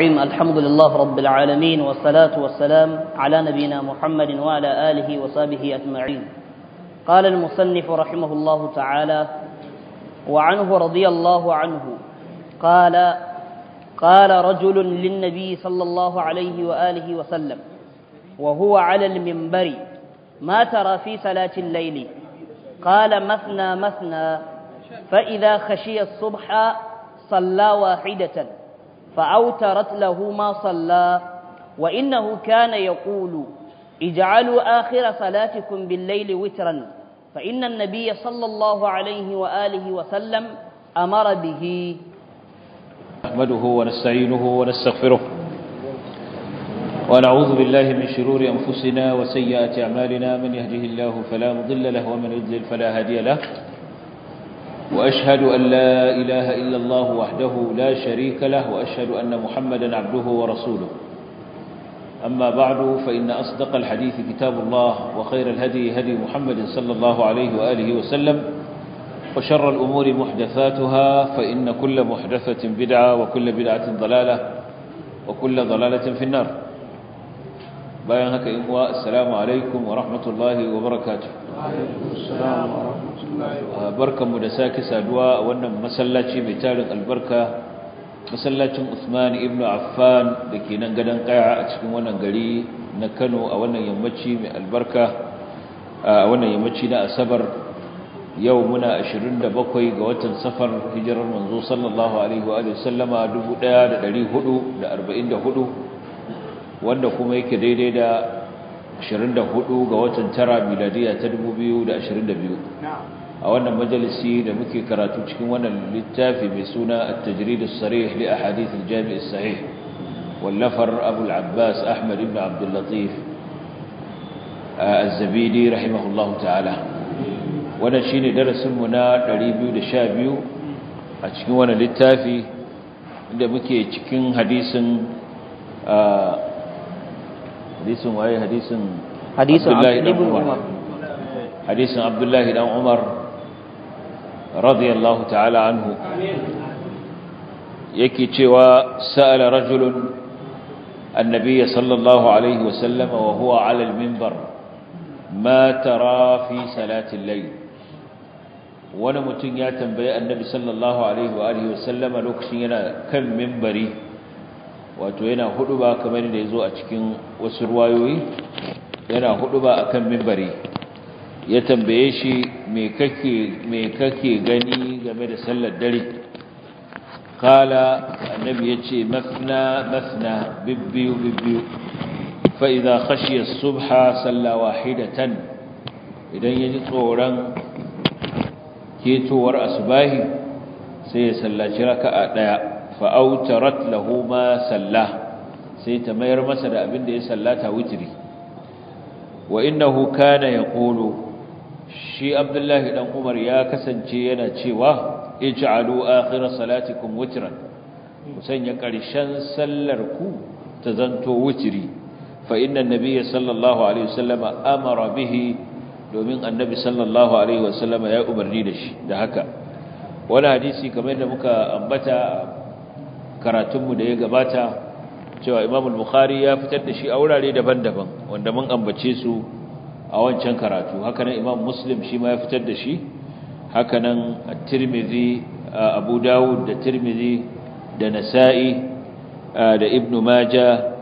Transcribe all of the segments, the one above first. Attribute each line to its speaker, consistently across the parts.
Speaker 1: الرحيم الحمد لله رب العالمين والصلاة والسلام على نبينا محمد وعلى آله وصحبه أجمعين قال المصنف رحمه الله تعالى وعنه رضي الله عنه قال قال رجل للنبي صلى الله عليه وآله وسلم وهو على المنبر ما ترى في صلاة الليل قال مثنى مثنى فإذا خشي الصبح صلى واحدة فأوترت له ما صلى وإنه كان يقول اجعلوا آخر صلاتكم بالليل وترا فإن النبي صلى الله عليه وآله وسلم أمر به نحمده ونستعينه ونستغفره ونعوذ بالله من شرور أنفسنا وسيئات أعمالنا من يهده الله فلا مضل له ومن يضلل فلا هادي له
Speaker 2: وأشهد أن
Speaker 1: لا إله إلا الله وحده لا شريك له وأشهد أن محمدا عبده ورسوله أما بعد فإن أصدق الحديث كتاب الله وخير الهدي هدي محمد صلى الله عليه وآله وسلم وشر الأمور محدثاتها فإن كل محدثة بدعة وكل بدعة ضلالة وكل ضلالة في النار bayan haka in kuwa assalamu alaikum wa rahmatullahi wa barakatuh uh, barkanmu da sake saduwa a wannan masallaci mai tarin albarka
Speaker 2: masallacin Usman
Speaker 1: ibn Affan da ke nan gadon kaya a cikin wannan gari na Kano a wannan yammaci mai albarka uh, a wannan yammaci na Asabar yau muna 27 ga watan safar hijirar manzo sallallahu alaihi wa sallama 1444 wanda kuma yake daidai da 24 ga watan tara miladiya ta 2022 a wannan majalisi da muke karatu cikin wannan littafi mai suna at-tajrid as-sarih li ahadith al-jami' as-sahih wallafar Abu al-Abbas Ahmad ibn Abdul Latif az-Zabidi rahimahullahu ta'ala wannan shine darasin mu na 212 a cikin wannan littafi inda muke cikin hadisin hadisin waye hadisin hadisin abdullahi ibn umar hadisin abdullahi dan umar radiyallahu ta'ala anhu yake cewa sa'ala rajulun النبي صلى الله عليه وسلم وهو على المنبر ما ترى في صلاة الليل wani mutum ya tambayi annabi sallallahu alaihi wa alihi wasallama lokacin yana kan mimbari wato yana hudu ba kamar da ya zo a cikin wasu ruwayoyi yana hudu ba a kan mimbari ya tambaye shi mai kake gani game da sallar dare kala annabi ya ce mafina mafna bibbiyu bibbiyu fa'iza kashiyar subha sallawa hidatan idan ya ji tsoron ketowar asubahi sai ya sallaci raka a ɗaya fa autarat lahu salla sai ta mayar masa da abin da ya sallata witri wa innahu ya yaqulu shi abdullahi dan umar ya kasance yana cewa ij'alu akhir salatikum witran ku sanya ƙarshen sallar ku ta zanto witri fa inna nabiyya sallallahu alaihi wasallama amara bihi domin annabi sallallahu alaihi wasallama ya umarni da shi da haka wani hadisi kamar da muka ambata karatunmu da ya gabata cewa imam bukhari ya fitar da shi a wurare daban-daban wanda mun ambace su a wancan karatu hakanan imam muslim shi ma ya fitar da shi hakanan tirmidhi uh, abu dawud da tirmidhi da nasa'i uh, da ibnu maja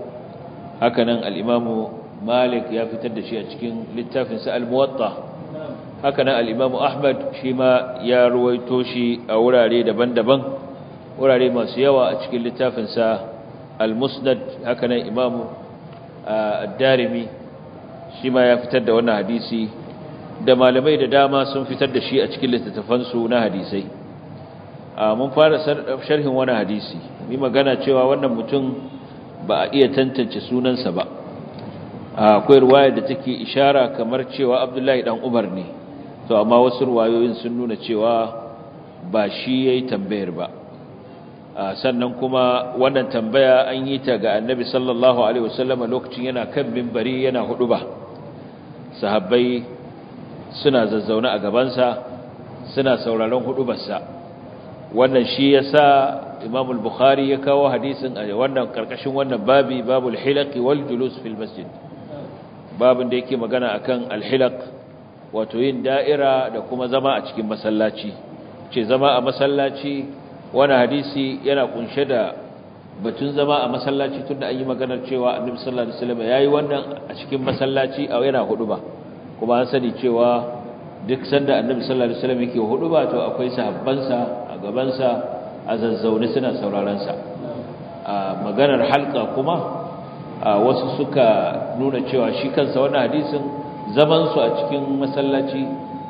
Speaker 1: hakanan al-imamu malik ya fitar da shi a cikin littafinsa al-muwatta hakanan al-imamu ahmad shi ma ya ruwaito shi a wurare daban-daban wurare masu yawa a cikin littafinsa al-musnad hakanan imamu ad-darimi shi ma ya fitar da wannan hadisi da malamai da dama sun fitar da shi a cikin littattafansu na hadisai mun fara sharhin wani hadisi ni magana cewa wannan mutum ba a iya tantance sunansa ba akwai ruwaya da take ishara kamar cewa abdullahi dan umar ne to amma wasu ruwayoyin sun nuna cewa ba shi yayi tambayar ba Ah, sannan kuma wannan tambaya an yi ta ga annabi sallallahu alaihi wasallama lokacin yana kan mimbari yana hudu sahabbai suna zazzauna a gabansa suna sauraron hudubarsa wannan shi yasa Imam al-Bukhari ya kawo hadisin a wannan karkashin wannan babi babul hilaq wal julus fil masjid babin da yake magana akan al-hilaq wato yin da'ira da kuma zama a cikin masallaci ce zama a masallaci wani hadisi yana kunshe da batun zama a masallaci tunda an yi maganar cewa annabi sallallahu alaihi wasallam yayi wannan a cikin masallaci a yana ba kuma an sani cewa duk sanda annabi sallallahu alaihi wasallam yake ba to akwai sa a gabansa a zazzaune suna sauraron sa a maganar halka kuma a wasu suka nuna cewa shi kansa wannan hadisin zaman su a cikin masallaci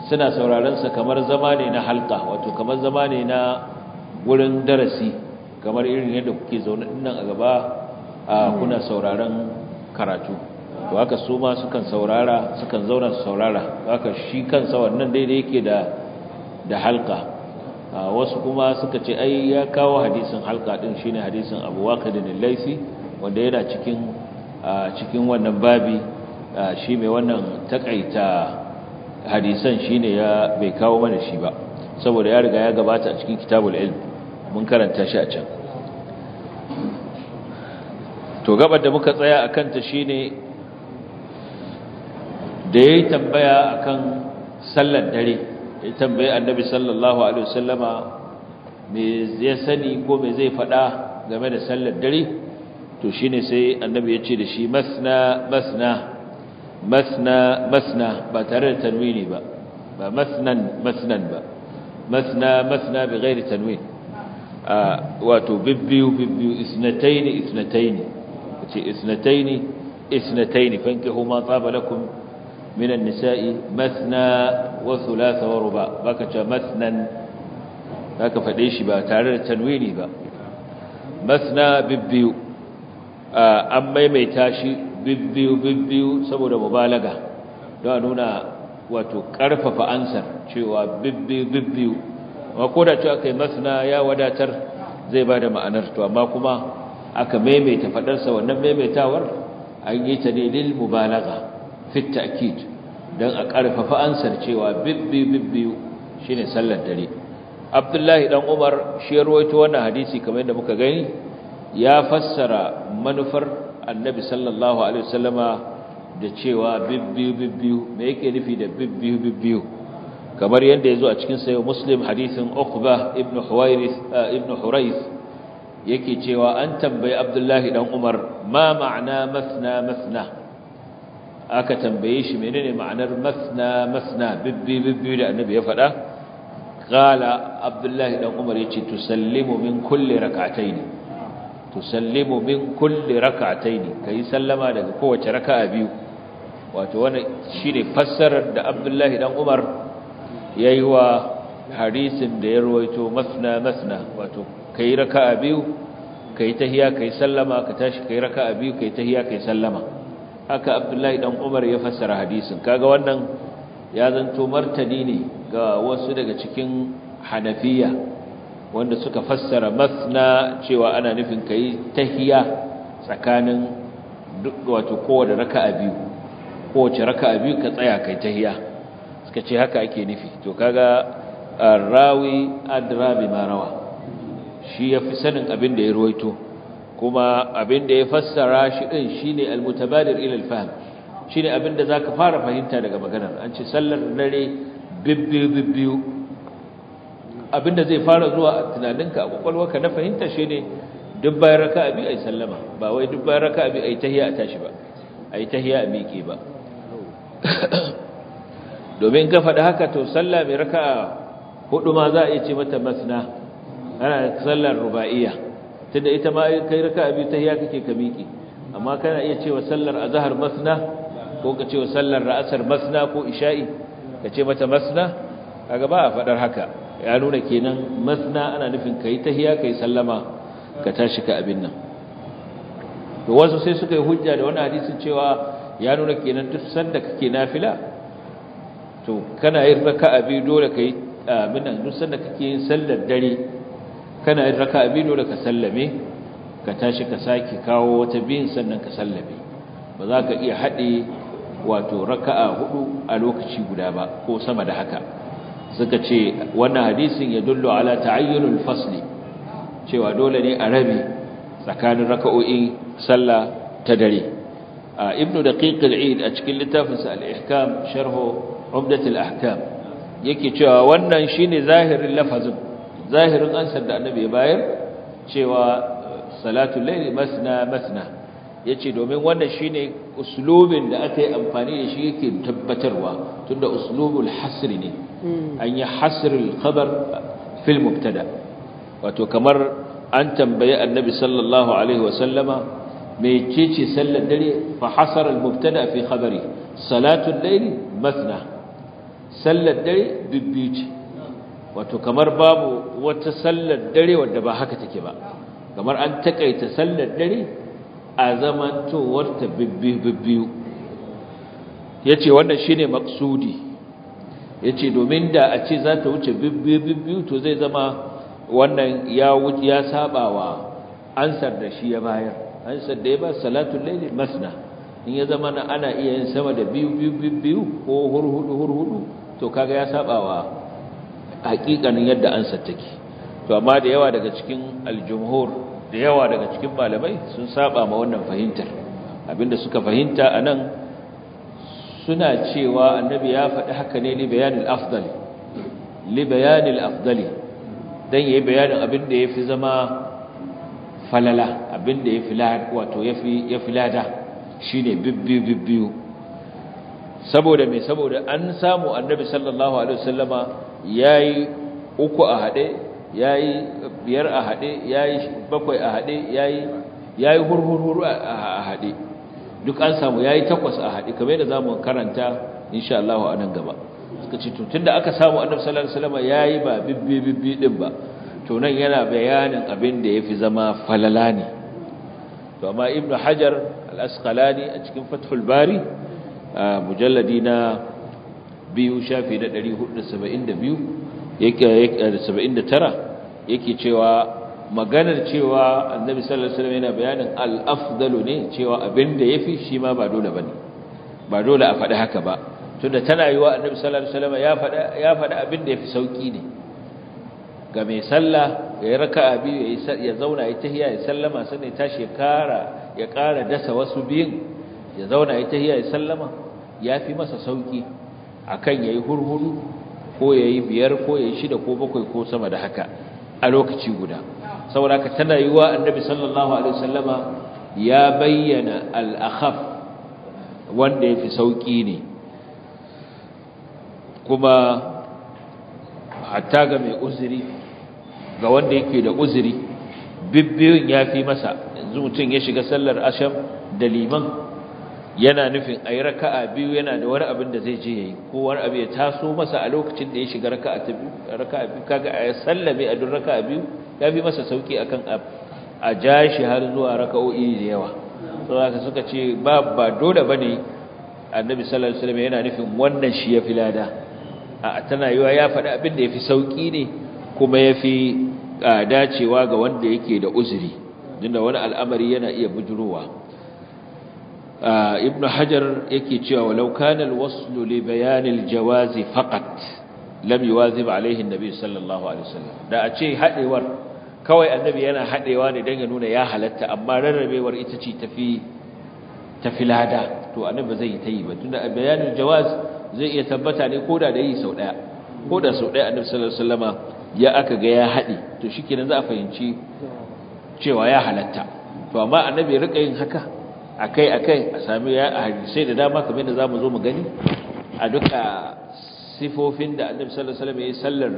Speaker 1: suna sauraron sa kamar zama ne na halka wato kamar zama ne na wurin darasi kamar irin yadda kuke zaune dinnan a gaba a hmm. kuna sauraron karatu to haka su ma sukan saurara sukan zauna su saurara haka shi kansa wannan daidai yake da da halka wasu kuma suka ce ai ya kawo hadisin halka din shine hadisin Abu Waqid bin Laisi wanda yana cikin cikin wannan babi shi mai wannan takaita hadisan shine ya bai kawo mana shi ba saboda ya riga ya gabata a cikin kitabul ilm mun karanta shi a can to gabar da muka tsaya a kanta shi ne da ya yi tambaya a kan sallar dare ya yi tambaye annabi sallallahu alaihi wasallama me ya sani ko me zai faɗa game da sallar dare to shi ne sai annabi ya ce da shi masna masna masna masna ba tare da tanwini ba ba masnan masnan ba masna masna bi ghairi tanwini wato bibbiyu bibbiyu isnataini isnataini ce isnataini isnataini fankihu ma tsaba lakum min an-nisa'i mathna wa thulatha wa ruba baka ce mathnan zaka fade shi ba tare da tanwini ba mathna bibbiyu an maimaita shi bibbiyu bibbiyu saboda mubalaga don a nuna wato karfafa ansar cewa bibbiyu bibbiyu amma ko da cewa kai masna ya wadatar zai ba da ma'anar to amma kuma aka maimaita fadarsa wannan maimaitawar an yi ta ne mubalagha fi ta'kid dan a karfafa ansar cewa bibbi bibbi shine sallar dare Abdullahi dan Umar shi ya rawaito wannan hadisi kamar yadda muka gani ya fassara manufar Annabi sallallahu alaihi wasallama da cewa bibbi bibbi me yake nufi da bibbi bibbi kamar yadda ya zo a cikin sayo muslim hadisin uqba ibn huwairis ah, ibn hurais yake cewa an tambayi abdullahi dan umar ma ma'ana masna masna aka tambaye shi menene ma'anar masna masna bibbi bibbi da annabi ya faɗa qala abdullahi dan umar ya yace tusallimu min kulli rak'ataini tusallimu min kulli rak'ataini yi sallama daga kowace raka'a biyu wato wani shi ne fassarar da abdullahi dan umar ya yi wa hadisin da ya ruwaito masna masna wato ka yi raka a biyu ka yi tahiya ka yi sallama ka tashi ka yi raka a biyu ka yi tahiya ka yi sallama haka abdullahi dan umar ya fassara hadisin kaga wannan ya zanto martani ne ga wasu daga cikin hanafiya wanda suka fassara masna cewa ana nufin ka yi tahiya tsakanin wato raka a biyu kowace raka a biyu ka tsaya ka yi tahiya suka ce haka ake nufi to kaga arrawi adra bi marawa shi yafi sanin abin da ya ruwaito kuma abin da ya fassara shi din shine almutabadir ila alfahm shine abin da zaka fara fahimta daga maganar an ce sallar dare bibbi bibbi abin da zai fara zuwa a tunaninka a kwakwalwarka na fahimta shine duk bayan raka'a bi ai sallama ba wai duk bayan raka'a bi ai tahiyya a tashi ba ai tahiyya a miƙe ba domin ka faɗi haka to sallah mai raka hudu ma za a iya ce mata masna ana sallar ruba'iyya tunda ita ma kai raka biyu ta hiyar kake ka miƙi amma kana iya cewa sallar zahar masna ko ka cewa sallar ra'asar masna ko isha'i ka ce mata masna A gaba a faɗar haka ya nuna kenan masna ana nufin ka yi ta hiyar ka yi sallama ka tashi ka abin nan to wasu sai suka yi hujja da wani hadisin cewa ya nuna kenan duk sanda kake nafila to kana yin raka'a biyu dole kai abin nan duk sanda kake yin sallar dare kana yin raka'a biyu dole ka sallame ka tashi ka sake kawo wata biyun sannan ka sallame ba za ka iya haɗe wato raka'a hudu a lokaci guda ba ko sama da haka suka ce wannan hadisin ya dullo ala ta'ayyunul fasli cewa dole ne a rabi tsakanin raka'o'in sallah ta dare ibn daqiq al a cikin littafinsa al-ihkam sharhu umdat ahkam yake cewa wannan shine zahirin lafazin zahirin ansar da annabi a bayar cewa salatu layl masna masna yace domin wannan shine uslubin da aka yi amfani da shi yake tabbatarwa tunda uslubul hasr ne an yi kabar khabar fil mubtada wato kamar an tambayi annabi sallallahu alaihi wasallama mai cece sallar dare fa hasarar al-mubtada fi khabari salatu al-layli mathna sallar dare bibbi wato kamar babu wata sallar dare wadda ba haka take ba kamar an takaita sallar dare a towar ta bibbi bibbiyu yace wannan shine maksudi
Speaker 2: yace domin da a ce za ta wuce bibbi bibbiyu to zai zama
Speaker 1: wannan ya wuce ya sabawa ansar da shi ya bayar an da ba salatul laili masna in ya zama na ana iya yin sama da biyu biyu biyu ko hurhudu hurhudu to kaga ya sabawa hakikanin yadda an sattake to amma da yawa daga cikin aljumhur da yawa daga cikin malamai sun saba ma wannan fahimtar abinda suka fahimta anan suna cewa annabi ya faɗi haka ne li bayanil afdali li bayanil afdali dan yayi bayanin abin da yafi zama falala abinda ya fila wato ya filada shine bibbiyu bibbiyu saboda me saboda an samu annabi sallallahu alaihi wasallama yayi uku a hade yayi biyar a hade yayi bakwai a hade yayi yayi hurhurhuru a hade duk an samu yayi takwas a hade kamar yadda zamu karanta insha Allah a nan gaba suka ce to tunda aka samu annabi sallallahu alaihi wasallama yayi ba bibbi bibbi din ba Tunan yana bayanin abin da ya fi zama falala ne to amma ibnu hajar al-asqalani a cikin fathul bari a mujalladi na biyu shafi na 472 yake cewa maganar cewa annabi sallallahu alaihi wasallam yana bayanin al-afdalu ne cewa abin da yafi shi ma ba dole bane ba dole a faɗi haka ba tunda tana yiwa annabi sallallahu alaihi wasallam ya faɗa ya faɗa abin da yafi sauki ne ga mai sallah ga raka'a biyu ya zauna ya tahiya ya sallama sannan ya tashi ya kara ya kara dasa wasu biyun ya zauna ya tahiya ya sallama yafi masa sauki akan yayi hurhuru ko yayi biyar ko yayi shida ko bakwai ko sama da haka a lokaci guda saboda haka tana yiwa annabi sallallahu alaihi wasallama ya bayyana al-akhaf wanda yafi sauki ne kuma hatta ga mai uzuri ga wanda yake da uzuri bibbiyun ya fi masa yanzu mutum ya shiga sallar asham da liman yana nufin Ayi, yi raka'a biyu yana da wani abin da zai je ya yi ko wani abu ya taso masa a lokacin da ya shiga raka'a biyu raka'a biyu kaga a sallame a duk raka'a biyu ya fi masa sauki akan a ja shi har zuwa raka'o'i da yawa saboda suka ce ba ba dole bane annabi sallallahu alaihi wasallam yana nufin wannan shi ya fi lada a tana yiwa ya faɗi abin da ya fi sauki ne kuma ya fi dacewa ga wanda yake da uzuri dinda wani al'amari yana iya bujurowa ibn hajar yake cewa walau kana alwasl li bayan jawazi faqat lam yuwazib alayhi annabi sallallahu alaihi wasallam da a ce hadewar kawai annabi yana hadewa ne dan ya nuna ya halatta amma rarrabewar ita ce tafi tafi lada to annabi zai ta yi ba tunda bayan aljawaz zai iya tabbata ne koda da yi sau daya koda sau daya annabi sallallahu alaihi wasallama ya aka ga ya haɗe to shi kenan za a fahimci cewa ya halatta to amma annabi ya rika yin haka akai akai a sami ya hadisai da dama kamar da mu zo mu gani a duka sifofin da annabi sallallahu alaihi wasallam ya sallar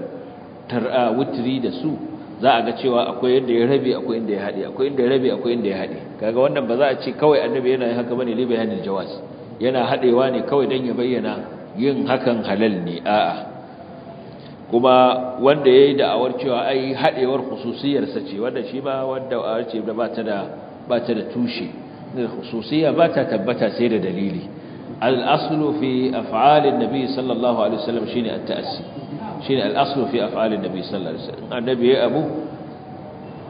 Speaker 1: tar'a wutri da su za a ga cewa akwai yadda ya rabe akwai inda ya haɗe akwai inda ya rabe akwai inda ya haɗe kaga wannan ba za a ce kawai annabi yana yin haka bane li bayanin jawaz yana haɗewa ne kawai dan ya bayyana yin hakan halal ne a'a kuma wanda ya yi da'awar cewa ai haɗewar hususiyarsa ce wanda shi ba wanda a ce ba ta da tushe khususiya ba ta tabbata sai da dalili al'asulu fi af'alin nabi sallallahu alaihi wasallam shine at-ta'assi shine al'asulu fi af'alin nabi sallallahu alaihi wasallam annabi ya abu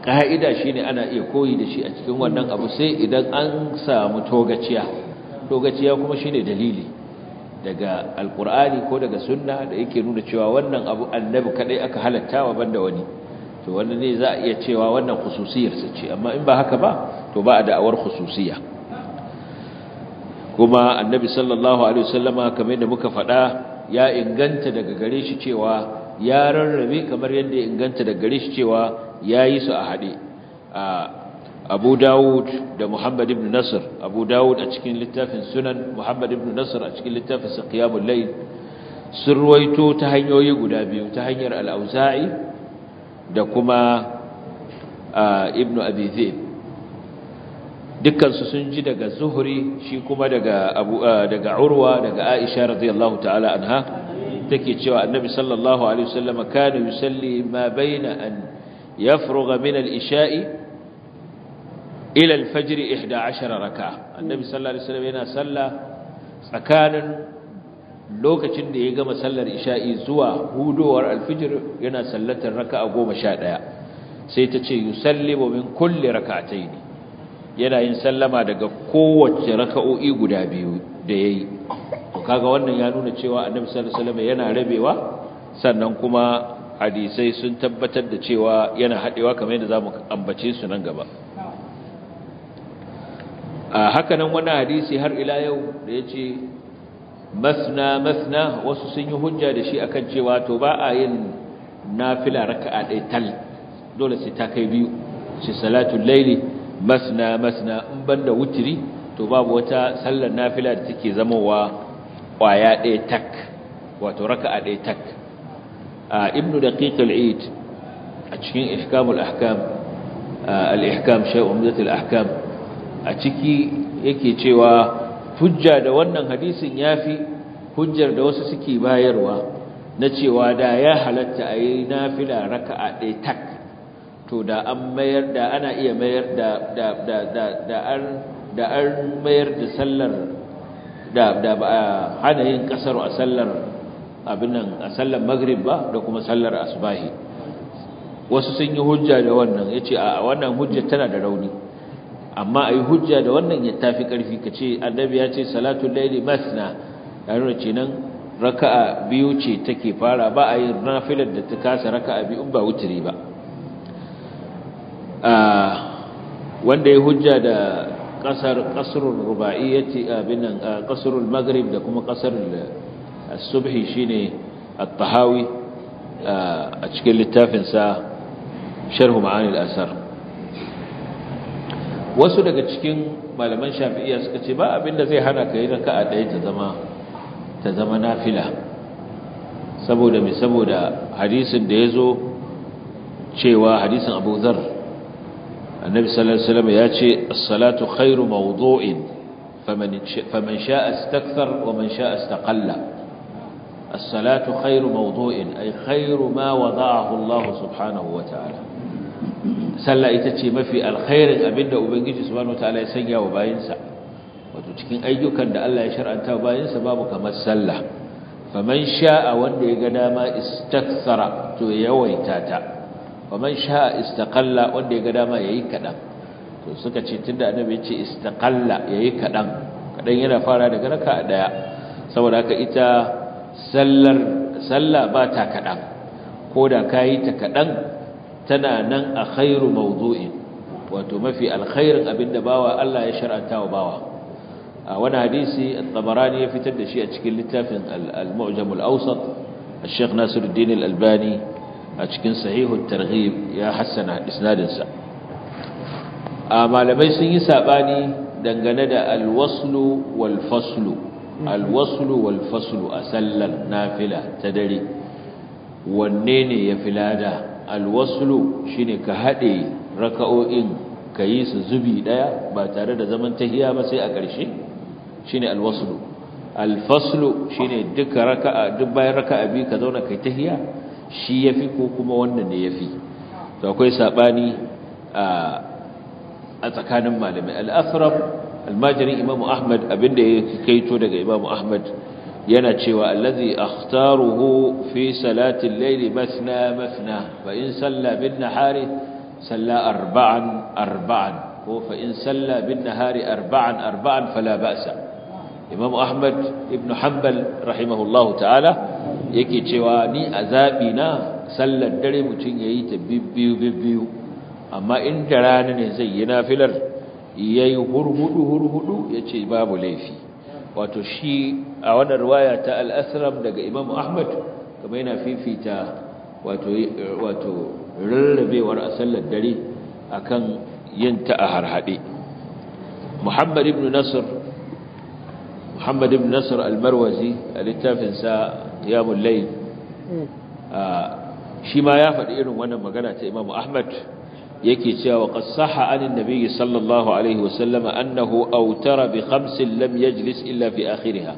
Speaker 1: ka'ida shine ana iya koyi da shi a cikin wannan abu sai idan an samu togaciya togaciya kuma shine dalili daga alkur'ani ko daga sunna da yake nuna cewa wannan abu annabi kadai aka halatta wa banda wani to wannan ne za iya cewa wannan khususiyar sa ce amma in ba haka ba to ba a da'awar khususiya kuma annabi sallallahu alaihi wasallama kamar yadda muka faɗa ya inganta daga gare shi cewa ya rarrabe kamar yadda ya inganta daga gare shi cewa yayi su a haɗe. abu dawud da muhammad ibn nasir abu dawud a cikin littafin sunan muhammad ibn nasir a cikin littafin su qiyamul layl sun ruwaito ta hanyoyi guda biyu ta hanyar al-auza'i da kuma ibn abi zaid sun ji daga zuhri shi kuma daga abu daga urwa daga aisha radiyallahu ta'ala anha take cewa annabi sallallahu alaihi wasallam kana yusalli ma baina an yafrugha min al-isha'i ila al-fajr 11 raka'a annabi sallallahu alaihi wasallam yana sallah tsakanin lokacin da ya gama sallar isha'i zuwa hudowar al-fajr yana sallatar raka'a 11 sai ta ce yusallimu min kulli rak'atayn yana yin sallama daga kowace raka'o'i guda biyu da yayi to kaga wannan ya nuna cewa annabi sallallahu alaihi wasallam yana rabewa sannan kuma hadisai sun tabbatar da cewa yana haɗewa kamar yadda za mu ambace su nan gaba hakanan wani hadisi har ila yau da ya ce masna masna wasu sun yi hujja da shi akan cewa to ba a yin nafila a ɗaya tal dole sai ta kai biyu sai salatul laili masna masna in banda wutiri to babu wata sallar nafila da take zamowa kwaya ɗaya tak wato raka'a ɗaya tak a ibnu da al a cikin ihkamul ahkam al-ihkam shay'un min al-ahkam a ciki yake cewa hujja da wannan hadisin ya fi hujjar da wasu suke bayarwa na cewa da ya halatta a yi nafila a ɗaya tak to da an mayar da ana iya mayar da an mayar da sallar da ba a hana yin ƙasar a sallar abin a sallar maghrib ba da kuma sallar asbahi wasu sun yi hujja da wannan Ya ce a wannan hujja tana da rauni amma a yi hujja da wannan ya tafi karfi kace annabi ya ce salatu laili masna ya nuna nan, raka'a biyu ce take fara ba a yi nafilar da ta kasa raka'a biyu ba wuturi ba wanda ya hujja da kasar kasrul rubaiyati abinan kasrul maghrib da kuma kasar as-subhi shine at-tahawi a cikin littafin sa sharh ma'anil asar wasu daga cikin malaman shafi'iyya suka ce ba abinda zai hana ka yi raka'a ɗaya ta zama ta zama nafila saboda mai saboda hadisin da ya zo cewa hadisin abu zar annabi sallallahu alaihi ya ce as-salatu khairu mawdu'in faman sha'a istakthar wa man sha istaqalla as-salatu khairu mawdu'in ay khairu ma wada'ahu Allah subhanahu wa ta'ala sallah ita ce mafi alkhairin abinda ubangiji subhanahu wataala ya sanya wa bayinsa wato cikin ayyukan da Allah ya shar'anta wa bayinsa babu kamar sallah faman sha'a wanda ya ga dama istakthara to yawaita ta faman sha'a istaqalla wanda ya ga dama yayi kadan to suka ce tunda annabi ya ce istaqalla yayi kadan kadan yana fara daga raka daya saboda haka ita sallar sallah ba ta kadan ko da kayi ta kadan tana nan a khairu mawdu'in wato mafi alkhairin abinda bawa Allah ya shar'anta wa bawa a wani hadisi at-tabarani ya fitar da shi a cikin littafin al-mu'jam al-awsat al-sheikh Nasiruddin al-Albani a cikin sahihu at-targhib ya hassana isnadin sa a malamai sun yi sabani dangane da al-waslu wal-faslu al-waslu wal-faslu a sallar nafila ta dare wanne ne ya filada alwaslu shine ka haɗe raka'o'in ka yi su zubi ɗaya ba tare da zaman tahiya ba sai a ƙarshe shine alwaslu alfaslu shine duka raka'a duk bayan raka'a biyu ka zauna kai tahiya shi yafi ko kuma wannan ne yafi to akwai sabani a tsakanin malamai al-asram almajirin imamu ahmad abinda ya kaito daga imamu ahmad yana cewa allazi akhtaruhu fi salati layli mathna mathna fa in salla bin nahari salla arba'an arba'an ko fa in salla bin nahari arba'an arba'an fala ba'sa imam ahmad ibn hanbal rahimahullahu ta'ala yake cewa ni a zabi na sallar dare mutun yayi ta bibbiyu bibbiyu amma in da rana ne zai yi nafilar yayi hurhudu hurhudu yace babu laifi wato shi a wannan riwaya ta al-asram daga imam ahmad kuma yana fifita wato wato rarrabewar a sallar dare akan yin ta a harhade muhammad ibn nasr muhammad ibn nasr al-marwazi a littafin sa qiyamul layl hmm. shi ma ya faɗi irin wannan magana ta imam ahmad yake cewa qad sahha anin nabiyyi sallallahu alaihi wasallam annahu awtara bi khamsin lam yajlis illa fi akhiriha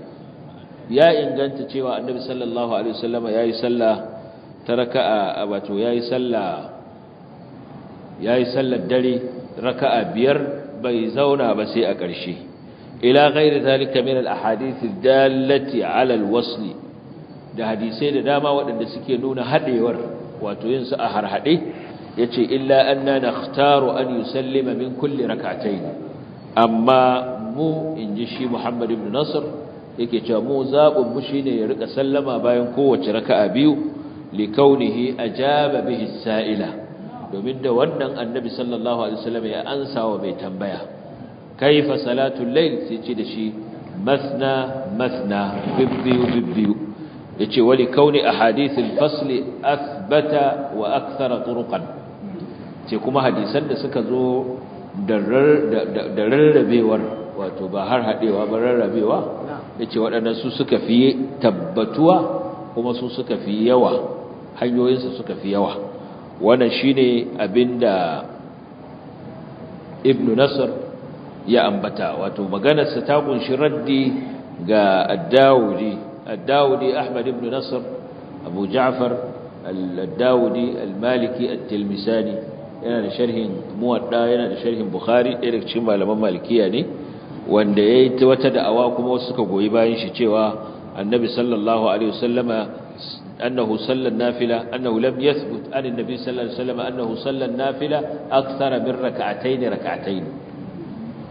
Speaker 1: ya inganta cewa annabi sallallahu alaihi wasallam yayi sallah ta raka'a wato yayi sallah yayi sallar dare raka'a biyar bai zauna ba sai a ƙarshe ila ghairi zalika min al ahadith dallati ala al wasl da hadisai da dama waɗanda suke nuna hadewar wato yin su a harhade yace illa anna nakhtaru an yusallima min kulli ne. amma mu ji shi Muhammad ibn Nasr yake cewa mu zaɓin mu shine ya rika sallama bayan kowace raka'a biyu li a jaba bihi sa'ila domin da wannan annabi sallallahu alaihi wasallam ya ansa wa mai tambaya kaifa fasalatu layl sai ce da shi masna masna bibbiyu bibbiyu yace wali kauni ahadithul fasli asbata wa aksara turuqan ce kuma hadisan da suka zo da rarrabewar wato ba har haɗewa ba rarrabewa da ce waɗannan su suka fi tabbatuwa kuma su suka fi yawa hanyoyinsu suka fi yawa wannan shi ne abinda ibn nasar ya ambata wato maganarsa ta kunshi raddi ga addawudi addawudi ahmad ibn nasar abu ja'far الداودي المالكي التلمساني yana da sharhin muwadda yana da sharhin bukhari ɗaya daga cikin malaman malikiya ne wanda ya yi wata da'awa kuma wasu suka goyi bayan shi cewa annabi sallallahu alaihi wasallama annahu sallan nafila annahu lam yathbut an annabi sallallahu alaihi wasallama annahu sallan nafila akthara min rak'atayn rak'atayn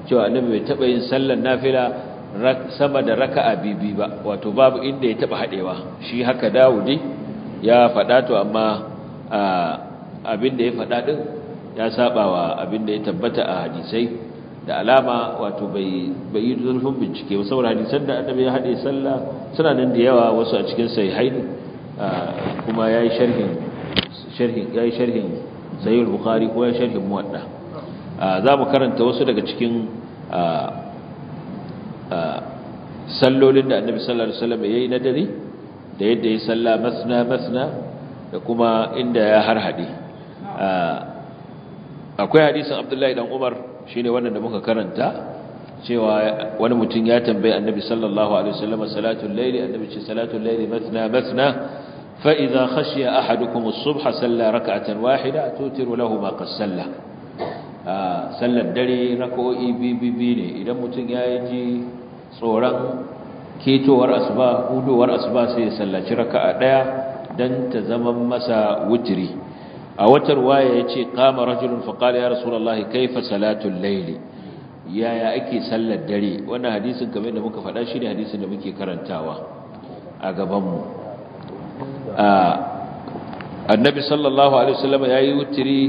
Speaker 1: cewa annabi bai taba yin sallan nafila sama da raka'a bibi ba wato babu inda ya taba hadewa shi haka dawudi ya fada to amma ah, abin da ya fada din ya saba wa abin da ya tabbata a hadisai da alama wato bai yi zurfin bincike ba saboda hadisan da annabi ya haɗe sallah suna nan da yawa wasu a cikin haini kuma ya yi sharhin yayi bukari ko ya sharhin muwadda za mu karanta wasu daga cikin sallolin da annabi sallar alaihi ya yayi na dare da yadda ya sallah masna masna da kuma inda ya har haɗe akwai hadisin abdullahi dan umar ne wannan da muka karanta cewa wani mutum ya tambaye annabi sallallahu alaihi wasallam salatul layli annabi ce salatul layli mathna mathna fa idza khashiya ahadukum as-subha salla rak'atan wahida tutiru lahu ma qad salla ah, sallar dare rak'o'i bibibi ne idan mutum ya ji tsoron ketowar asuba hudowar asuba sai ya sallaci raka'a daya dan ta zama masa wutiri a watar waya ya ce kama rajulun faƙali ya rasulallahi kaifa salatun laili yaya ake sallar dare wannan hadisin kamar da muka faɗa shi ne hadisin da muke karantawa a gabanmu annabi sallallahu alaihi wasallam ya yi wutiri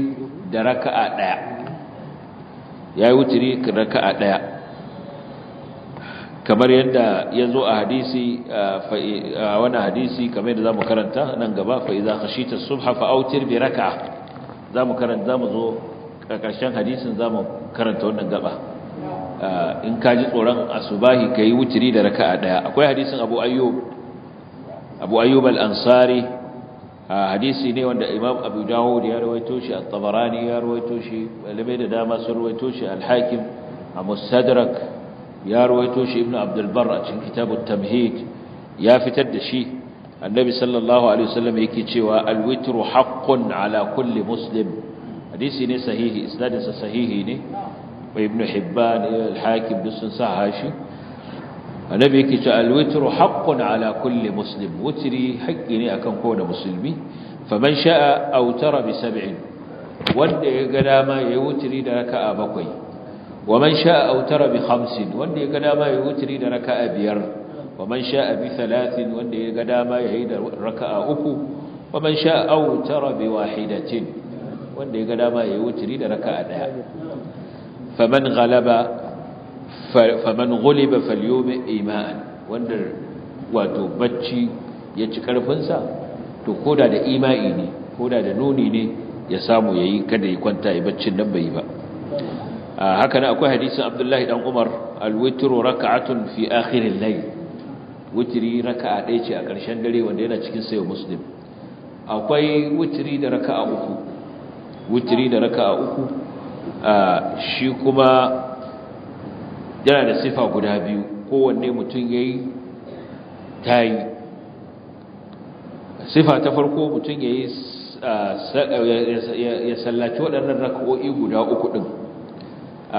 Speaker 1: da raka'a ɗaya ya yi wutiri raka'a ɗaya kamar yadda ya zo a hadisi a wani hadisi kamar yadda za mu karanta nan gaba fa iza khashita subha fa autir bi za mu karanta za mu zo ƙarshen hadisin za mu karanta wannan gaba in ka ji tsoron asubahi ka yi wutiri da raka'a ɗaya akwai hadisin abu ayyub abu ayyub al-ansari hadisi ne wanda imam abu dawud ya rawaito shi at-tabarani ya rawaito shi malamai da dama sun rawaito shi al-hakim a mustadrak ya ruwaito shi ibnu abdul bar a cikin kitabut tamhid ya fitar da shi annabi sallallahu alaihi wasallam yake cewa alwitru haqqun ala kulli muslim hadisi ne sahihi isnadin sa sahihi ne ibn hibban al-hakim duk sun sa shi annabi yake cewa alwitru haqqun ala kulli muslim wutri haqqi ne akan kowane musulmi faman sha'a autara bi sab'in wanda ya ga dama ya wutri da raka'a bakwai wa man sha'a autara bi khamsin wanda ya ga dama ya wutiri da raka'a biyar wa man sha'a wanda ya ga dama ya yi da raka'a uku wa man sha'a autara bi wanda ya ga dama ya wutiri da raka'a daya faman ghalaba faman ghuliba falyumi ima'an wanda wato bacci ya ci karfinsa to koda ima'i ne koda nuni ne ya samu yayi kada ya kwanta ya baccin nan bai ba Ah, haka ne akwai hadisin abdullahi dan umar alwitru raka'atun fi al layl witri raka'a ɗaya ce a ƙarshen dare wanda yana cikin sayyid muslim akwai witri da raka'a uku witri da raka'a uku ah, shi kuma yana da sifa guda biyu kowanne mutum yayi tayi sifa ta farko mutum yayi ah, ya sallaci waɗannan raka'o'i guda uku din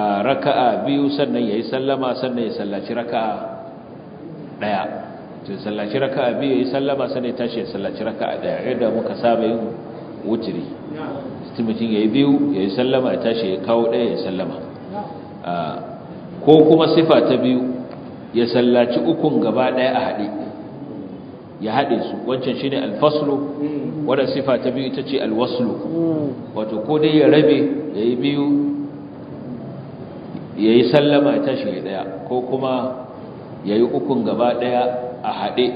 Speaker 1: raka'a biyu sannan ya yi sallama sannan ya sallaci raka'a ɗaya to sallaci raka'a biyu ya yi sallama sannan ya tashi ya sallaci raka'a ɗaya yadda muka saba yin wutri mutum ya yi biyu ya yi sallama ya tashi ya kawo ɗaya ya sallama ko kuma sifa ta biyu ya sallaci ukun gaba ɗaya a hade ya haɗe su wancan shine alfaslu wadda sifa ta biyu ita ce alwaslu hmm. wato ko dai ya rabe ya yi biyu ya yi sallama ya tashi ya daya ko kuma ya yi ukun gaba daya a haɗe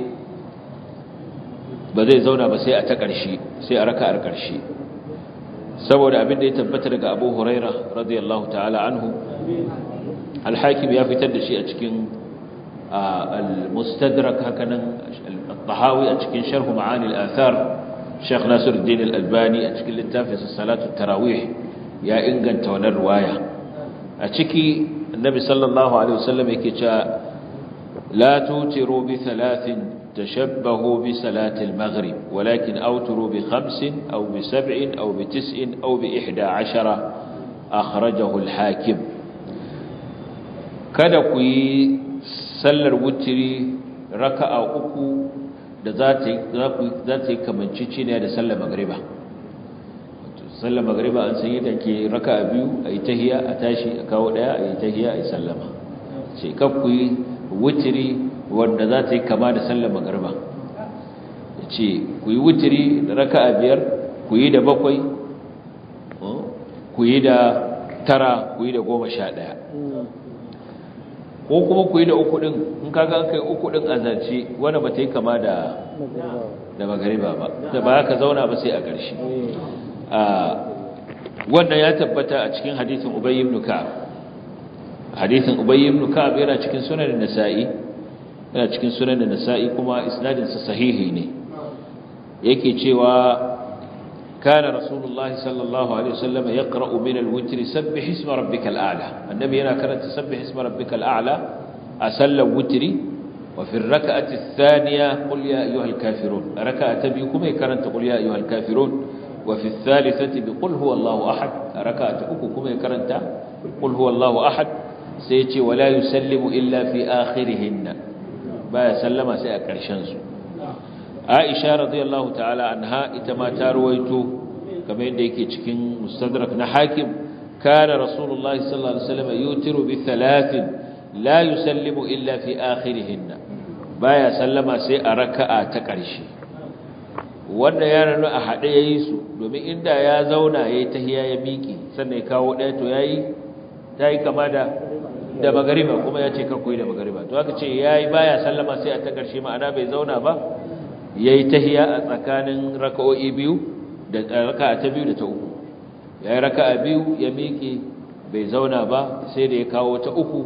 Speaker 1: ba zai zauna ba sai a ta ƙarshe sai a raka a ƙarshe saboda abin da ya tabbata daga abu huraira radiyallahu ta'ala anhu alhakim ya fitar da shi a cikin al-mustadrak hakanan al-tahawi a cikin sharhu ma'ani al-athar Sheikh Nasiruddin Al-Albani a cikin littafin Salatu Tarawih ya inganta wannan riwaya أتكي النبي صلى الله عليه وسلم كتا لا توتروا بثلاث تشبهوا بصلاة المغرب ولكن أوتروا بخمس أو بسبع أو بتسع أو بإحدى عشرة أخرجه الحاكم كدقي سلر الوتري ركع أكو ذاتي ذاتي كمن تشيني هذا سلم مغربه sallar magariba an san yadda ke raka a biyu a yi tahiya a tashi a kawo ɗaya a yi tahiya a yi sallama ce kakku yi wutiri wanda za ta yi kama da sallar magariba ce ku yi wutiri da raka a biyar ku yi da bakwai hmm, ku yi da tara ku yi da goma sha ɗaya ko kuma ku yi da uku ɗin in kaga an kai uku ɗin a wanda wadda ba ta yi kama da magariba ba da ba ka zauna ba sai a ƙarshe wannan ya tabbata a cikin hadithin Ubay ibn Ka'ab hadisin Ubay ibn Ka'ab yana cikin sunan Nasa'i yana cikin sunan Nasa'i kuma isnadin sa sahihi ne yake cewa kana rasulullahi sallallahu alaihi wasallam yaqra'u min al-witr sabbih isma rabbikal a'la annabi yana karanta sabbih isma rabbikal a'la a sallar witri وفي الركعة الثانية قل يا أيها الكافرون ركعة بيكم يكرنت قل يا أيها الكافرون wa fi thalithati bi qul huwallahu ahad raka'a ta uku kuma ya karanta qul huwallahu ahad sai ya ce wala yusallimu illa fi akhirihinna baya sallama sai a karshen su Aisha radiyallahu ta'ala anha ita ma ta ruwaito kamar yadda yake cikin mustadrak na hakim kana rasulullahi sallallahu alaihi wasallam yutiru bi thalathin la yusallimu illa fi akhirihinna baya sallama sai a raka'a ta karshe wanda ya ranu a haɗe ya yi su domin inda ya zauna ya yi tahiya ya miƙi sannan ya kawo ɗaya to ya yi ta yi kama da magariba kuma ya ce karku yi da magariba to aka ce ya yi baya sallama sai a ta ƙarshe ma'ana bai zauna ba ya yi tahiya a tsakanin raka'o'i biyu da raka'a ta biyu da ta uku ya yi a biyu ya miƙe bai zauna ba sai da ya kawo ta uku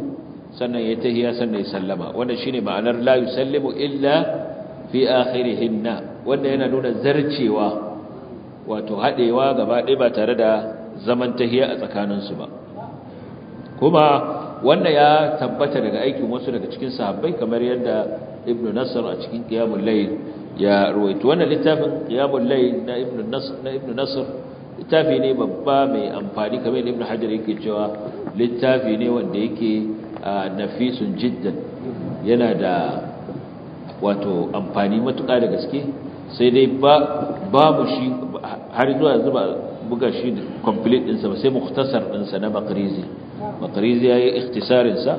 Speaker 1: sannan ya tahiya sannan ya sallama wanda shine ma'anar la yusallimu illa fi akhirihinna wanda yana nuna zarcewa wato haɗewa gaba ɗaya ba tare da zaman tahiya a tsakaninsu ba kuma wanda ya tabbata daga aikin wasu daga cikin sahabbai kamar yadda Ibn nasr a cikin qiyamul layl ya ruwaito wannan littafin qiyamul layl na Ibn nasr na ibn nasr littafi ne babba mai amfani kamar yadda ibn hajar yake cewa littafi ne wanda yake nafisun jiddan yana da wato amfani matuƙa da gaske sai dai babu shi har zuwa zuba buga shi complete ɗinsa ba sai muktasar ɗinsa na makarizi makarizi ya yi ikhtisarinsa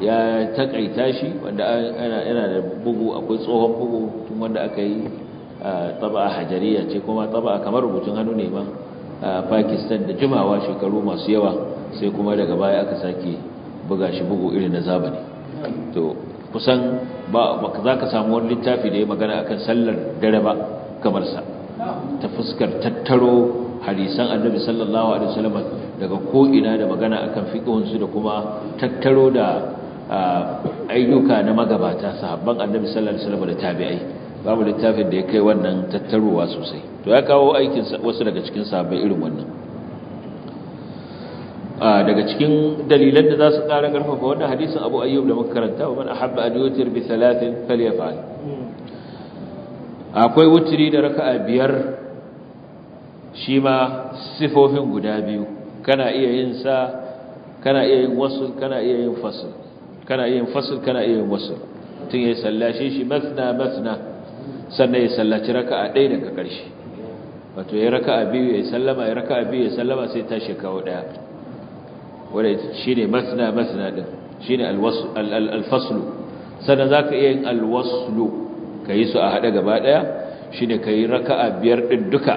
Speaker 1: ya takaita shi wanda yana da bugu akwai tsohon bugu tun wanda aka yi taba hajariya ce kuma taba kamar rubutun hannu ne ma a pakistan da jimawa shekaru masu yawa sai kuma daga baya aka sake buga shi bugu irin na zamani to kusan ba za ka samu wani littafi da ya magana akan sallar dare ba kamar sa ta fuskar tattaro hadisan annabi sallallahu alaihi wasallam daga ko da magana akan fiqhun su da kuma tattaro da ayyuka na magabata sahabban annabi sallallahu alaihi wasallam da tabi'ai babu littafin da ya kai wannan tattarowa sosai to ya kawo aikin wasu daga cikin sahabbai irin wannan daga cikin dalilan da za su ƙara ƙarfafa wannan hadisun abu ayyub da muka karanta wa mana ahabba an yutir bi thalathin falyafal akwai wuturi da raka'a biyar shi ma sifofin guda biyu kana iya yin sa kana iya yin wasul kana iya yin fasu kana iya yin fasu kana iya yin wasul tun ya sallashe shi mathna mathna sannan ya sallaci raka'a ɗaya daga ƙarshe wato ya raka'a biyu ya sallama ya raka'a biyu ya sallama sai tashi kawo ɗaya wanda shi ne masna masna ɗin. shi ne alfaslu sannan za ka iya yin alwaslu ka yi su a haɗa gaba ɗaya shi ne ka yi raka a biyar ɗin duka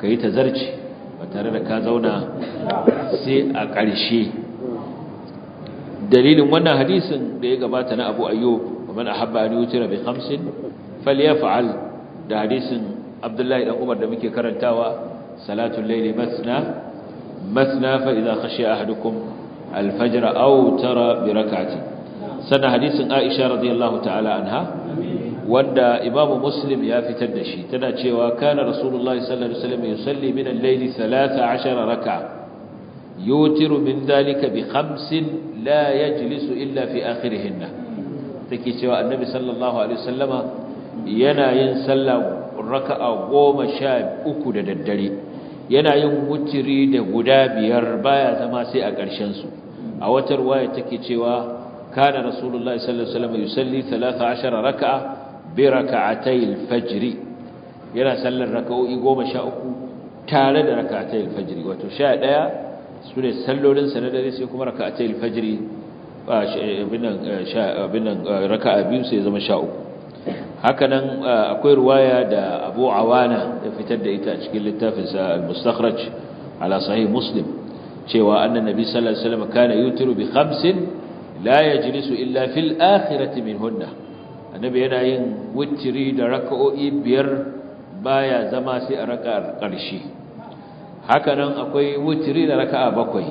Speaker 1: ka yi ta zarci ba tare da ka zauna sai a ƙarshe dalilin wannan hadisin da ya gabata na abu ayyub man ahabba an yutira bi khamsin falyaf'al da hadisin abdullahi dan umar da muke karantawa salatun laili masna مثنى فإذا خشي أحدكم الفجر أو ترى بركعة سنة حديث عائشة رضي الله تعالى عنها وأن إمام مسلم يا في تدشي تناتشي وكان رسول الله صلى الله عليه وسلم يصلي من الليل ثلاث عشر ركعة يوتر من ذلك بخمس لا يجلس إلا في آخرهن تكيشي النبي صلى الله عليه وسلم ينا ينسلم raka'a goma sha uku da daddare yana yin wutiri da guda biyar baya zama sai a ƙarshen su a wata ruwaya take cewa kana rasulullahi sallallahu alaihi wasallam yusalli 13 raka'a bi raka'atay al-fajr yana sallar raka'o'i 13 tare da raka'atay al-fajr wato 11 sune sallolin sa na dare sai kuma raka'atay al-fajr eh, binan eh, binan eh, raka'a biyu sai zama 13 hakanan uh, akwai ruwaya da abu awana da fitar da ita a cikin littafinsa al-mustakhraj ala sahih muslim cewa annabi sallallahu alaihi wasallam kana yuturu bi khamsin la yajlisu illa fil akhirati minhunna annabi yana yin witri da raka'o'i biyar baya zama sai a raka'ar ƙarshe hakanan akwai witri da raka'a bakwai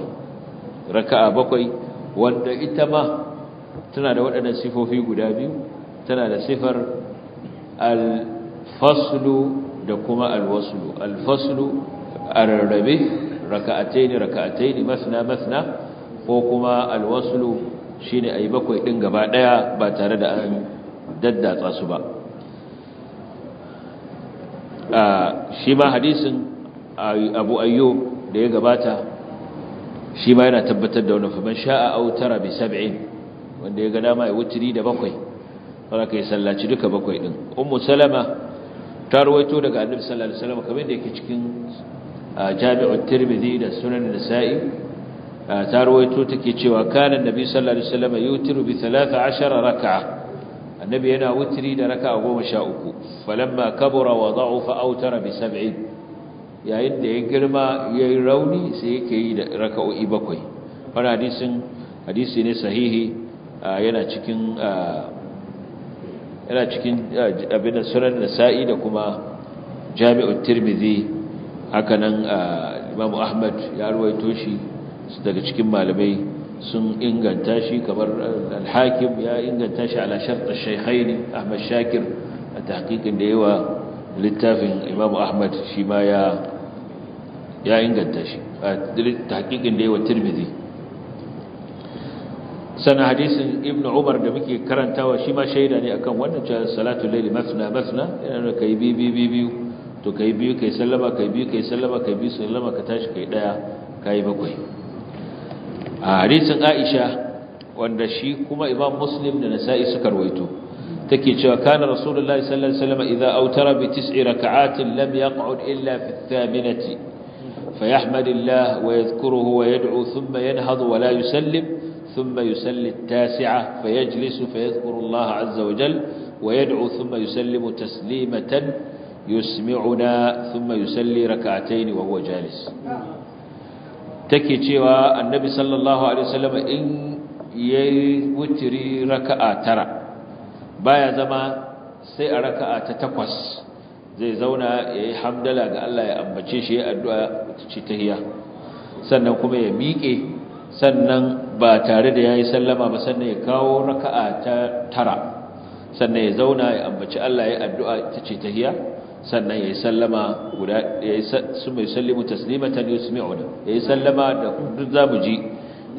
Speaker 1: raka'a bakwai wanda ita ma tana da waɗannan sifofi guda biyu tana da sifar alfaslu da kuma alwaslu alfaslu a rarrabe raka'ataini raka'ataini masna masna ko kuma alwaslu shine yi bakwai ɗin gaba ɗaya ba tare da an daddatsa su ba shi ma hadisin abu ayyo da ya gabata shi ma yana tabbatar da wani faman sha'a autara bi sab'in wanda ya ga dama ya wuturi da bakwai wanda ka yi sallaci duka bakwai din ummu salama ta ruwaito daga annabi sallallahu alaihi wasallam kamar da yake cikin jami'ut tirmidhi da sunan nasa'i ta ruwaito take cewa kana annabi sallallahu alaihi wasallam yutiru bi 13 rak'a annabi yana wutiri da raka'a 13 falamma kabura wa da'afa awtara bi 70 yayin da ya girma yayin rauni sai yake yi da raka'o'i bakwai wannan hadisin hadisi ne sahihi yana cikin yana cikin abin sunan nasa'i da kuma jami'ut tirmidhi haka nan imam ahmad ya ruwaito shi daga cikin malamai sun inganta shi kamar al-hakim ya inganta shi ala shart ash-shaykhayn ahmad shakir a tahqiqin da yawa littafin imam ahmad shi ma ya ya inganta shi a tahqiqin da yawa tirmidhi sana hadisin ibnu umar da muke karantawa shi ma shaida ne akan wannan cewa salatul layli masna masna yana nuna kai bi bi bi biyu to kai biyu kai sallama kai biyu kai sallama kai biyu sallama ka tashi kai daya kai bakwai a hadisin aisha wanda shi kuma imam muslim da nasa'i suka rawaito take cewa kana rasulullahi sallallahu alaihi wasallam idza autara bi tis'i raka'atin lam yaq'ud illa fi thaminati فيحمد الله ويذكره ويدعو ثم ينهض ولا يسلم ثم يسلي التاسعة فيجلس فيذكر الله عز وجل ويدعو ثم يسلم تسليمة يسمعنا ثم يسلي ركعتين وهو جالس take cewa annabi sallallahu alaihi wasallam in yayi wutiri raka'a tara baya zama sai a raka'a ta takwas zai zauna yayi hamdala ga Allah ya ambace shi addu'a ci tahiyya sannan kuma ya miƙe sannan ba tare da ya yi sallama ba sannan ya kawo raka'a ta tara sannan ya zauna ya ambaci Allah ya addu'a ta ce tahiyya sannan ya yi sallama guda ya summa yusallimu taslimatan yusmi'una ya yi sallama da duk zamu ji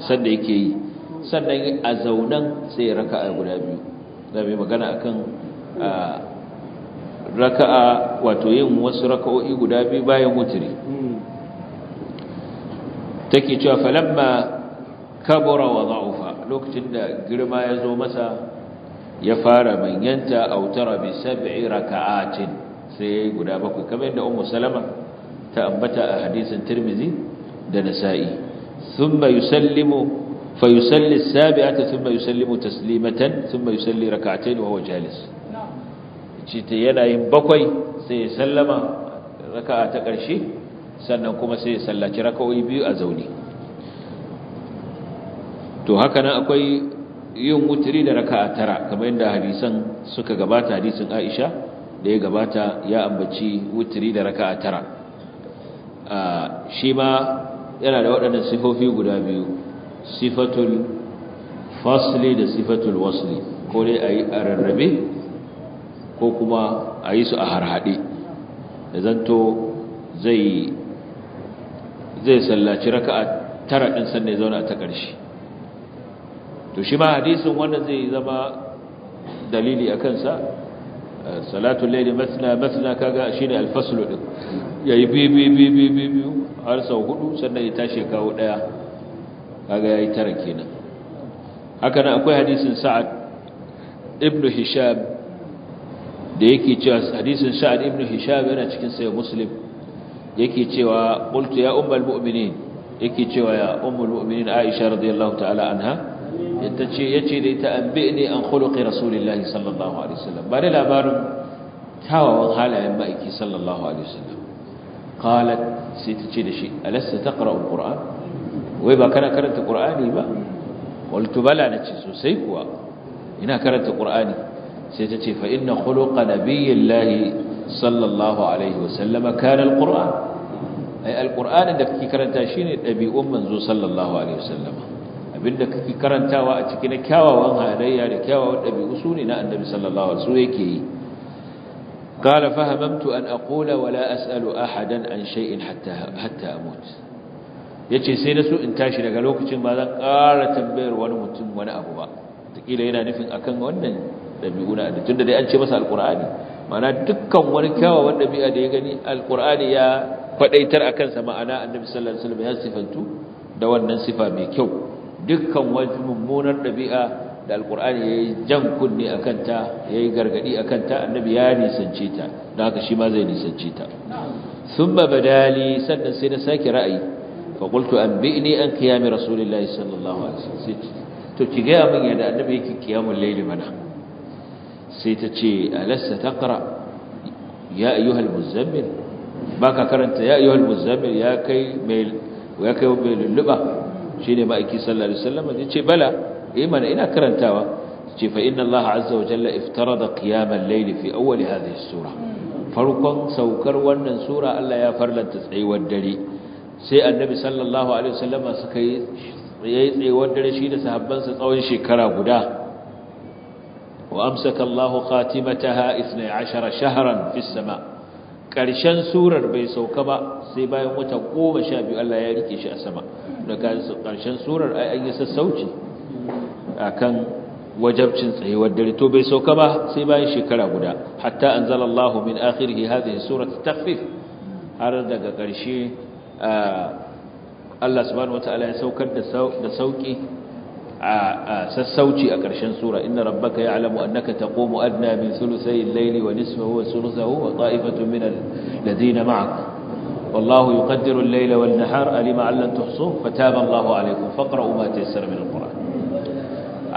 Speaker 1: sannan yake yi sannan a zaunan sai raka'a guda biyu mai magana akan raka'a wato yin wasu raka'o'i guda biyu bayan wutri hmm. take cewa falamma kabura wa da'ufa lokacin da girma ya zo masa ya fara manyanta autara bi sab'i raka'atin sai guda bakwai kamar yadda ummu salama ta ambata a hadisin tirmizi da nasa'i thumma yusallimu fa yusalli as-sabi'ata thumma yusallimu taslimatan thumma yusalli raka'atayn wa huwa jalis ce ta yana yin bakwai sai ya sallama raka'a ta ƙarshe sannan kuma sai ya sallaci raka'o'i biyu a zaune to haka nan akwai yin wutiri da raka'a tara kamar yadda hadisan suka gabata hadisin Aisha da ya gabata ya ambaci wutiri da raka'a tara shi ma yana da waɗannan sifofi guda biyu sifatul fasli da sifatul wasli ko dai a yi a rarrabe ko kuma a yi su a harhade da zanto zai sallaci raka'a tara ɗin sannan ya zauna ta ƙarshe to shi ma hadisin wanda zai zama dalili a kansa eh, salatul layli masna masna kaga shine ne faslu din yayi bi bi bi bi bi bi har sau hudu sannan ya tashi kawo daya kaga yayi tara kenan haka nan akwai hadisin sa'ad ibn hisham da yake cewa hadisin sa'ad ibn hisham yana cikin sahih muslim yake cewa qultu ya ummul mu'minin yake cewa ya ummul mu'minin aisha radiyallahu ta'ala anha yadda ce yace da ita an abbini an khuluqi rasulillahi sallallahu alaihi wasallam bari labarin tawawan halayen ma'aiki sallallahu alaihi wasallam qalat sai ta ce da shi alasta taqra'u alquran wai ba kana karanta qur'ani ba qultu bala ce sosai kuwa ina karanta qur'ani sai ta ce fa inna khuluqa lahi sallallahu alaihi wasallam kan alquran ai alquran da kake karanta shine ɗabi'un manzo sallallahu alaihi wasallam abinda kake karantawa a cikin kyawawan halayya da kyawawan dabi'u sune na annabi sallallahu alaihi wasallam yake yi قال an أن wa ولا أسأل أحدا an شيء hatta حتى أموت yace sai na so in tashi daga lokacin ba zan ƙara tambayar wani mutum wani abu ba takila yana nufin akan wannan dabi'u na da tunda dai an ce masa alqur'ani ma'ana dukkan wani kyawawan dabi'a da ya gani alqur'ani ya faɗaitar akan sa ma'ana annabi sallallahu alaihi wasallam ya sifantu da wannan sifa mai kyau dukkan wani mummunar ɗabi'a da alkur'ani ya yi jan kunne a kanta ya yi gargaɗi a kanta annabi ya nisance ta da haka shi ma zai nisance ta sun ba badali sannan sai na sake ra'ayi faƙultu an bi ne an kiyami rasulullahi sallallahu alaihi wasallam to ki gaya min yadda annabi yake kiyamun laili mana sai ta ce alassa taqra ya ayyuhal Ba ka karanta ya ayyuhal muzammil ya kai mai ya kai mai lulluɓa. shine ma'aiki sallallahu alaihi wasallam ce bala iman eh ina karantawa ce fa inna Allah azza wa jalla iftarada da al-layl fi awwal hadhihi sura farkon saukar wannan sura Allah ya farlanta tsayuwar dare sai annabi sallallahu alaihi wasallam suka yi yayi tsayuwar dare shi da sahabbansa tsawon shekara guda wa amsaka Allah khatimataha 12 shahran fi sama ƙarshen surar bai sauka ba sai bayan wata goma sha biyu Allah ya rike shi a sama daga ƙarshen surar ai an yi sassauci kan wajabcin tsayuwar dare to bai sauka ba sai bayan shekara guda hatta anzalallahu min akhirih hadhihi suratu takhfif har daga ƙarshe Allah subhanahu wataala ya saukar da sauki a sassauci a ƙarshen sura inna rabbaka ya'lamu annaka taqumu adna min thuluthay al-layli wa nisfahu wa thuluthahu wa ta'ifatun min alladhina ma'ak wallahu yuqaddiru al-layla wan nahara alima allan tuhsu fataba Allahu alaykum faqra'u ma tayassara min al-Qur'an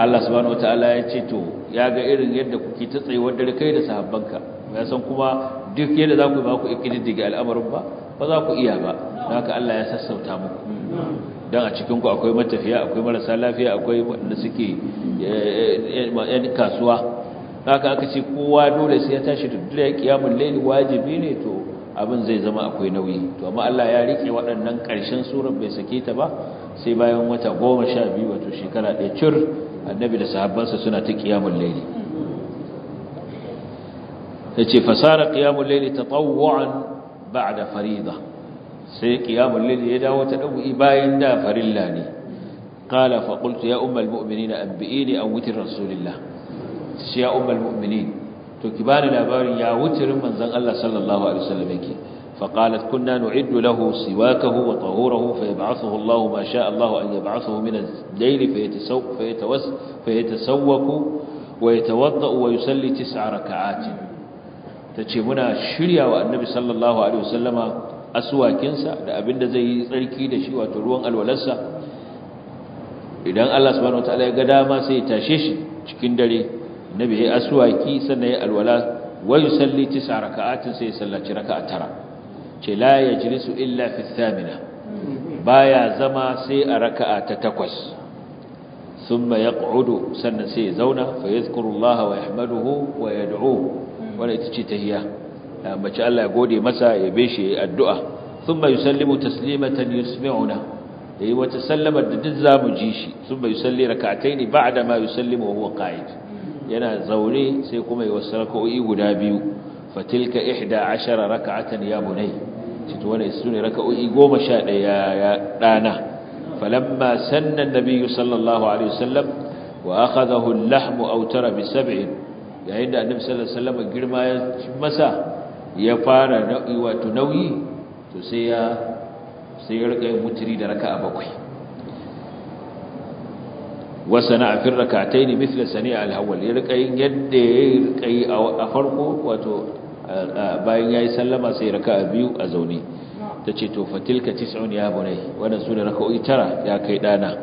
Speaker 1: Allah subhanahu wataala ya ce to ya ga irin yadda kuke ta tsayuwar dare kai da sahabbanka ya san kuma duk yadda za ku ba ku ikididdige al'amarin ba ba za ku iya ba haka Allah ya sassauta muku don a cikinku akwai matafiya akwai marasa lafiya akwai waɗanda suke eh, eh, yan kasuwa haka aka ce kowa dole sai ya tashi da ya kiyamun laili wajibi ne to abin zai zama akwai nauyi to amma Allah ya rike waɗannan ƙarshen surar bai sake ta ba sai bayan wata goma sha biyu wato shekara ɗaya cur annabi da sahabbansa suna ta kiyamun laili ya ce fasara kiyamun laili ta tsawon ba'da farida sai kiyamun lili ya dawo ta ɗabu'i bayan da farilla ne qala fa qultu ya ummul mu'minina anbi'ini an witr rasulillah sai ya ummul to ki bani labarin ya wutirin manzon Allah sallallahu alaihi wasallam yake فقالت كنا نعد له سواكه وطهوره فيبعثه الله ما شاء الله أن يبعثه من الليل فيتسوق فيتوس فيتسوق ويتوضأ ويصلي تسع ta ce منا shirya wa annabi sallallahu عليه وسلم asuwakinsa da abin da zai yi tsarki da shi wato ruwan alwalarsa idan Allah subhanahu wataala ya ga dama sai ya tashe shi cikin dare nabi ya aswaki sannan ya alwala wa yusalli tis'a raka'atin sai ya sallaci raka'a tara ce la yajlisu illa fi thamina baya zama sai a raka'a ta takwas thumma yaq'udu sannan sai ya zauna fa yadhkurullaha wa yahmaduhu wa yad'u wala ita ce tahiyya Eh, mace Allah ya gode masa ya be shi addu'a thumma yusallimu taslimatan yusmi'una yayi wata sallama da duk zamu ji shi thumma yusalli rak'ataini ba'da ma yusallimu wa huwa qa'id yana zaure sai kuma yi wasu raka'o'i guda biyu fatilka 11 rak'atan ya bunay cito wannan sune raka'o'i 11 ya dana falamma sanna an-nabi sallallahu alaihi wasallam wa akhadahu al-lahm aw tara bi sab'in yayin da annabi sallallahu alaihi wasallam girma ya masa ya fara nau'i wato nauyi to sai ya sai ya rika mutiri da raka'a bakwai wa a fi rak'ataini ne sani'a sani alhawal ya rika yadda ya rika yi a farko wato bayan ya sallama sai raka'a biyu a zaune ta ce to fatilka tis'un ya bunai wannan su raka'o'i tara ya kai dana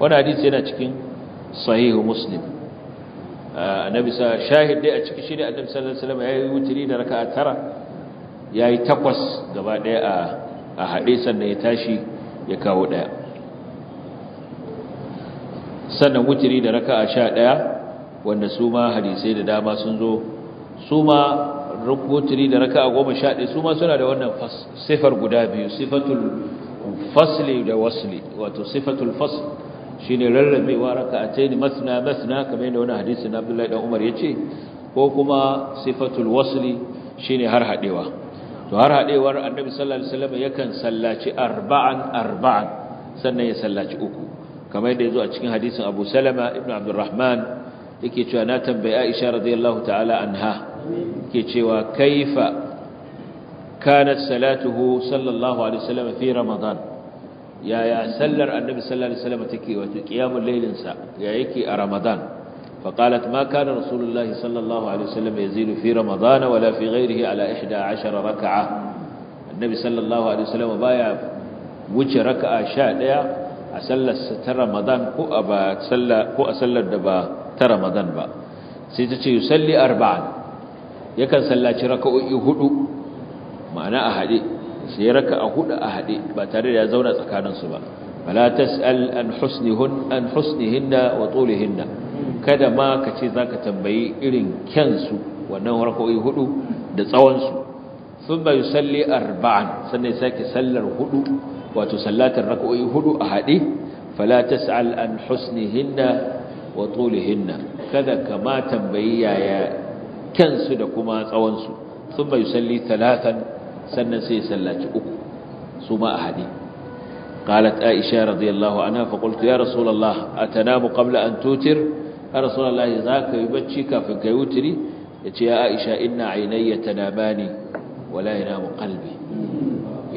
Speaker 1: wannan hadisi yana cikin sahihu muslim Ah, annabi sa shahid dai a cikin shi ne annabi sallallahu alaihi wasallam yayi wuturi da raka'a tara yayi takwas gaba daya a a hadisan sannan ya tashi ya kawo daya sannan wuturi da raka'a 11 wanda su ma hadisi da dama sun zo su ma wuturi da raka'a 11 su ma suna da wannan sifar guda biyu sifatul fasli da wasli wato sifatul fasl shine rarrabewa raka'atayn masna masna kamar yadda wani hadisi na Abdullahi dan Umar yace ko kuma sifatul wasli shine har hadewa to har hadewar Annabi sallallahu alaihi wasallam yakan sallaci arba'an arba'an sannan ya sallaci uku kamar yadda yazo a cikin hadisin Abu Salama ibn Abdurrahman yake cewa na tambayi Aisha radiyallahu ta'ala anha yake cewa kaifa kanat salatuhu sallallahu alaihi wasallam fi ramadan yaya sallar annabi sallallahu alaihi wasallam take wato qiyamul lailin sa ya yake a ramadan fa qalat ma kana rasulullahi sallallahu alaihi wasallam yazidu fi ramadan wala fi ghairihi ala 11 rak'a annabi sallallahu alaihi wasallam baya wuce raka'a 11 a sallar sa ta ramadan ko a ba sallar ko a sallar da ba ta ramadan ba sai ta ce yusalli arba'an yakan sallaci raka'o'i hudu ma'ana a hade sai raka a hudu a haɗe ba tare da ya zauna tsakaninsu ba fala tas'al an husnihun an husnihinna wa tulihinna kada ma ka ce zaka tambayi irin kyansu wannan rakoi hudu da tsawon su thumma yusalli arba'an sannan sake sallar hudu wato sallatar rakoi hudu a haɗe fala tas'al an husnihinna wa tulihinna kada ka ma tambayi yaya kyansu da kuma tsawon su thumma yusalli talatan sannan sai sallaci uku su ma a hadi ƙalat aisha radiyallahu ana faƙultu ya rasulallah a tanamu ƙabla an tutir a rasulallah ya za ka yi bacci kafin ka yi wuturi ya ce ya aisha ina ainihin tanama ne wala yana mu ƙalbi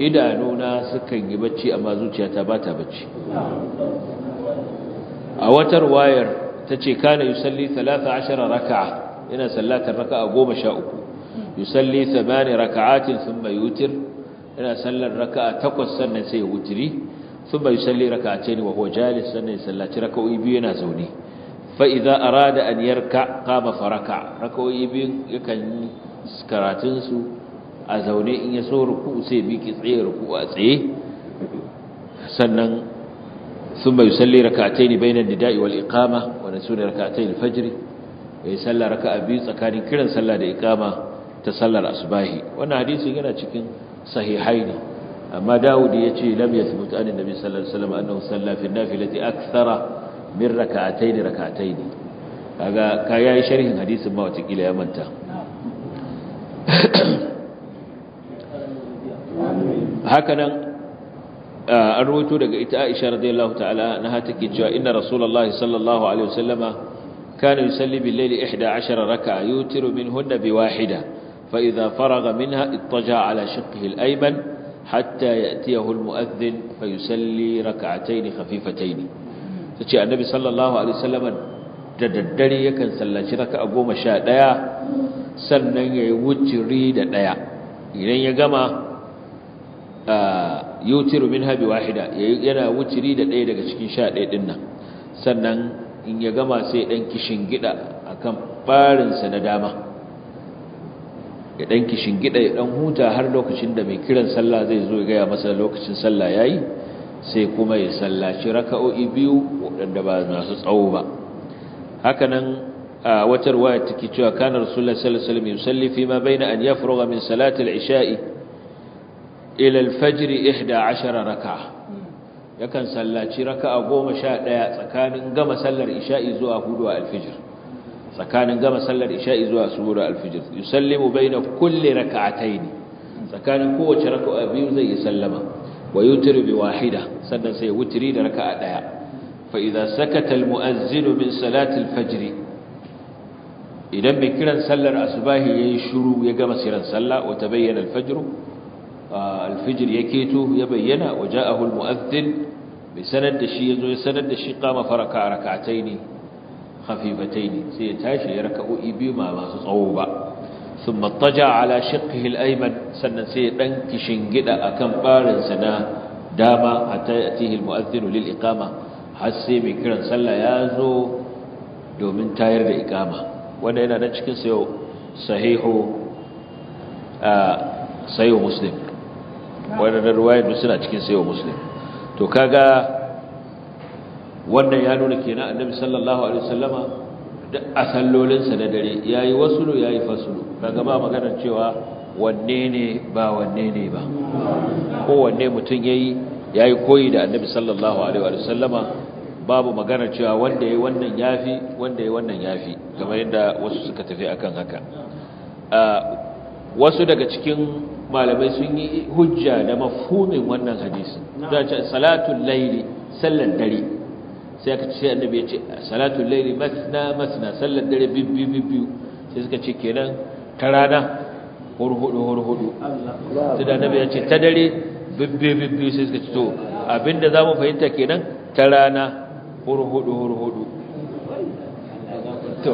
Speaker 1: idanuna sukan yi bacci amma zuciya ta bata bacci
Speaker 2: a watar wayar
Speaker 1: ta ce kana yi salli 13 raka yana sallatar raka'a uku. yusalli sabani raka'atin thumma yutir yana sallar raka'a takwas sannan sai ya wutiri thumma yusalli raka'atayn wa huwa jalis sannan ya sallaci raka'o'i biyu yana zaune fa idza arada an yarka qama faraka raka'o'i biyu yakan karatun su a zaune in ya so ruku sai biki tsaye ruku a tsaye sannan thumma yusalli raka'atayn bayna an-nida'i wal iqama wa nasuna raka'atay al-fajr ya sallar raka'a biyu tsakanin kiran sallah da iqama ta sallar asbahi wannan hadisi yana cikin sahihaini amma Dawud ya ce lam yathbut an annabi sallallahu alaihi wasallam annahu salla fi nafilati akthara min rakataini rakataini kaga ka yayi sharhin hadisin ma wata kila ya manta hakanan an rubuto daga ita Aisha radiyallahu ta'ala na ke cewa inna rasulullahi sallallahu alaihi wasallama kana yusalli bil layli 11 raka'a yutiru minhunna bi wahida فإذا فرغ منها اضطجع على شقه الأيمن حتى يأتيه المؤذن فيسلي ركعتين خفيفتين تشي النبي صلى الله عليه وسلم daddare yakan sallaci raka'a goma sha ɗaya sannan ya yi wujiri da ɗaya idan ya gama yutiru min habi wahida yana wujiri da ɗaya daga cikin sha ɗaya ɗin nan sannan in ya gama sai ɗan kishin gida akan ɓarinsa na dama ya kishin gida ya ɗan huta har lokacin da mai kiran sallah zai zo ya gaya masa lokacin sallah yayi sai kuma ya sallaci raka'o'i biyu waɗanda ba masu tsawo ba hakanan a wata waya take cewa kanar rasulullahi sallallahu alaihi wasallam fi ma baina an yafrugha min salati al-isha'i ila al-fajr 11 raka'a yakan sallaci raka'a ɗaya tsakanin gama sallar isha'i zuwa hudu a alfijir. tsakanin gama sallar isha'i zuwa suhur alfijir yusallimu baina kulli rak'atayn tsakanin kowace raka biyu zai yi sallama wa yutiru bi wahida sannan sai wutiri da raka daya fa idza sakata almu'azzinu min salati alfajr idan mai kiran sallar asbahi yayi shiru ya gama siran sallah wa tabayyana alfajr alfijir yaketo ya bayyana waja'ahu almu'azzin bi sanad da shi yazo ya sanad da shi qama faraka rak'atayn خفيفتين سيتاشي يركعوا بما ما تصعوبا ثم اضطجع على شقه الأيمن سنن سيدن كشنجد أكم بارن سنا داما حتى يأتيه المؤذن للإقامة حسي بكرا سلا يازو دومن تاير الإقامة وانا هنا نشكي سيو صحيح آه sayo muslim wadannan ruwayar suna cikin sayo muslim to kaga wannan ya nuna kenan annabi sallallahu alaihi wasallama duk a sallolinsa na dare yayi wasulu yayi fasulu kaga ba maganar cewa wanne ne ba wanne ne ba ko wanne mutun yayi yayi koyi da annabi sallallahu alaihi wasallama babu magana cewa wanda yayi wannan yafi wanda yayi wannan yafi kamar yadda wasu suka tafi akan haka wasu daga cikin malamai sun yi hujja da mafhumin wannan hadisi da salatul laili sallan dare sai aka ce annabi ya ce salatul laili masna masna sallar dare bi bi sai suka ce kenan ta rana hurhudu hurhudu sai da annabi ya ce ta dare bi bi sai suka ce to abinda zamu fahimta kenan ta rana hurhudu hurhudu to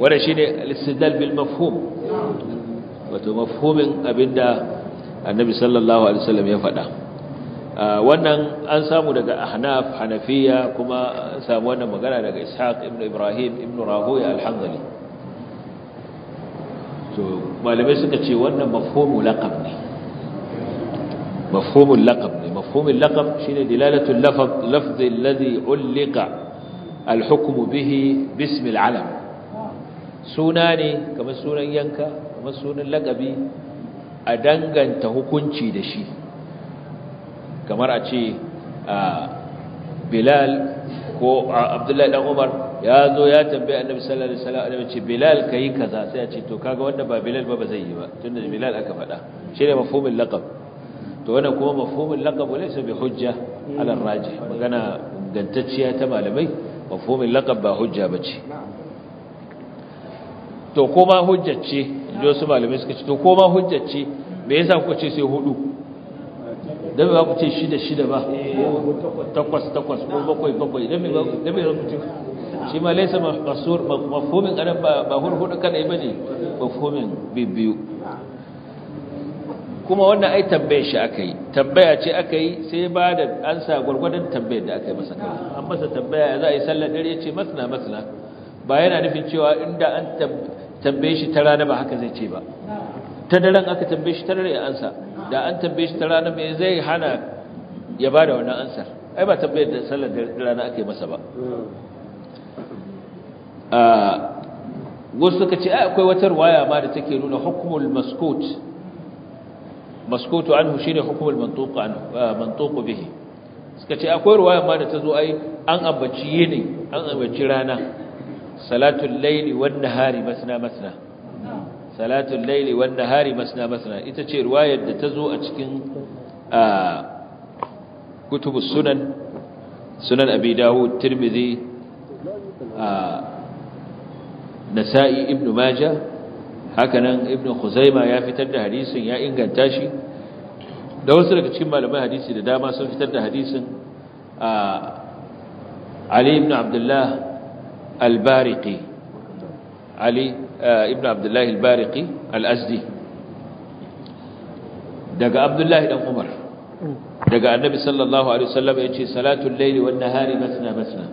Speaker 1: wannan shine al-istidlal bil mafhum wato mafhumin abinda annabi sallallahu alaihi wasallam ya faɗa Ah, wannan an samu daga ahnaf hanafiya kuma an samu wannan magana daga ishaq ibn ibrahim ibn rahoya alhanzali to malamai suka ce wannan mafhumul laqab ne mafhumul laqab ne mafhumul laqab shine dilalatul lafz lafz alladhi ulqa alhukm bihi bism alalam suna ne kamar sunan yanka kamar sunan lagabi a danganta hukunci da shi kamar a ce bilal ko abdullahi dan umar ya zo ya tambaye annabi sallallahu alaihi wasallam annabi ce bilal kai kaza sai ya ce to kaga wanda ba bilal ba ba zai yi ba tunda bilal aka faɗa shine mafhumul laqab to wannan kuma mafhumul laqab laysa bi hujja ala rajih magana gantacciya ta malamai mafhumul laqab ba hujja bace to kuma hujjacce jo su malamai suka ce to kuma hujjacce me yasa kuka ce sai hudu don ba ku ce shida shida ba eh, takwas takwas ko bakwai bakwai ba ku ce shi ma laisa mafomin anan ba hurhudu kadai ba ne mafomin biyu kuma wannan ai tambaye shi aka yi tambaya ce aka yi sai ba da an sa gwargwadon tambayar da aka yi masa kawai an masa tambaya za a yi sallar dare ya ce masana masana ba yana nufin cewa inda an tambaye shi ta rana ba haka zai ce ba ta daren aka tambaye shi ta rana ya ansa da an tambaye shi ta rana me zai hana ya ba da wannan ansar ai ba tambayar da sallar da rana ake masa ba wasu suka ce ai akwai wata ruwaya ma da take nuna hukumul maskut maskutu anhu shine hukumul mantuq anhu mantuq bihi suka ce akwai ruwaya ma da tazo ai an ambaci yini an ambaci rana salatul layli wan nahari masna masna salatun laili wanda hari masna masna ita ce riwayar da ta zo a cikin kutubus sunan sunan abi dawud tirmidhi nasa'i ibnu majah hakanan ibnu khuzaima ya fitar da hadisin ya inganta shi da wasu daga cikin malaman hadisi da dama sun fitar da hadisin ali ibn abdullah al-bariqi ali eh, ibn abdullahi al al-azdi daga abdullahi dan umar daga annabi sallallahu alaihi wasallam yace salatul layli wan nahari masna masna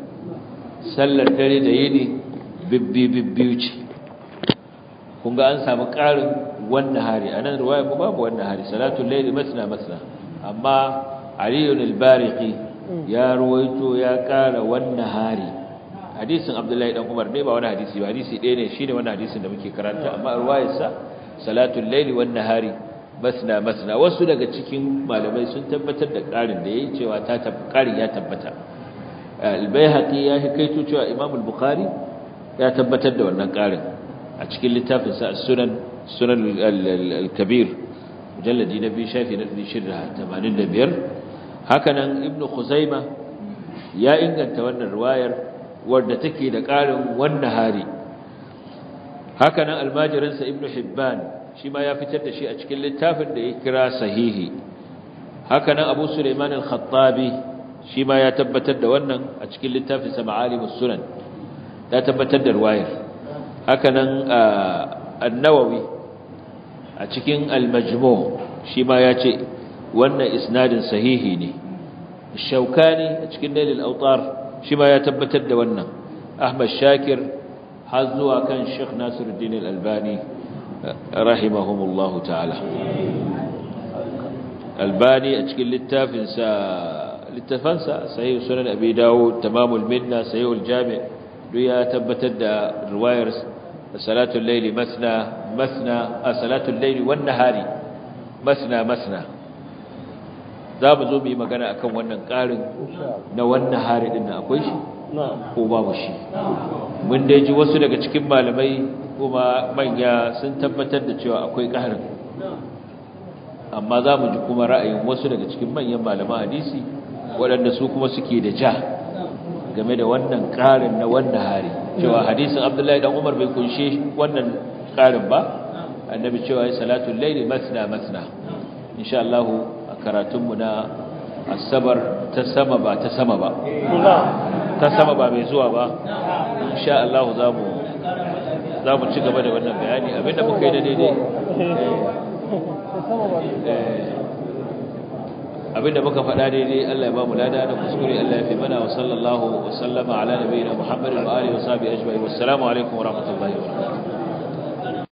Speaker 1: sallar dare da yini bibbi bibbi ce kun ga an samu karin wan nahari anan riwaya ko babu wan nahari salatul layli masna masna amma Aliyu ibn al ya ruwaito ya kara wan hari. hadisin abdullahi dan umar ne ba wani hadisi ba hadisi ɗaya ne ne wani hadisin da muke karanta amma ruwayarsa salatul laili wani nahari masna masna wasu daga cikin malamai sun tabbatar da ƙarin da yayi cewa ta ƙarin ya tabbata al-baihaqi ya kai cewa imam bukhari ya tabbatar da wannan ƙarin a cikin littafin sa sunan sunan al-kabir mujalladi na biyu shafi na 85 hakanan ibnu khuzaima ya inganta wannan riwayar wadda take da ƙarin wannan hari haka nan almajirinsa ibnu hibban shi ma ya fitar da shi a cikin littafin da ya kira sahihi haka nan abu suleiman al-khattabi shi ma ya tabbatar da wannan a cikin littafinsa ma'alimus sunan ya tabbatar da ruwayar haka nan annawawi a cikin al shi ma ya ce wannan isnadin sahihi ne shaukani a cikin dalil autar shi ma ya tabbatar da wannan ahmad shakir har zuwa kan sheikh nasiruddin al-albani rahimahumullahu ta'ala albani a cikin littafinsa littafansa sahih sunan abi dawud tamamul minna al jami' duk ya tabbatar da riwayar salatul layli masna masna a salatul layli wan nahari masna masna za mu zo mu yi magana kan wannan ƙarin na wannan hari ɗin akwai shi ko babu shi mun dai ji wasu daga cikin malamai kuma manya sun tabbatar da cewa akwai ƙarin amma za mu ji kuma ra'ayin wasu daga cikin manyan malaman hadisi waɗanda su kuma suke da ja game da wannan ƙarin na wannan hari cewa hadisin abdullahi dan umar bai kunshe wannan ƙarin ba annabi cewa ya salatu laili masna masna insha Allah karatunmu na asabar ta sama ba ta sama ba ta sama ba mai zuwa ba insha Allah zamu mu ci gaba da wannan bayani abinda muka yi eh, da daidai abinda muka faɗa daidai Allah ya ba mu lada da kuskure Allah ya fi mana wa sallallahu wa sallama ala nabiyina Muhammadin wa alihi wa sahbihi ajma'in wassalamu alaikum wa rahmatullahi wa barakatuh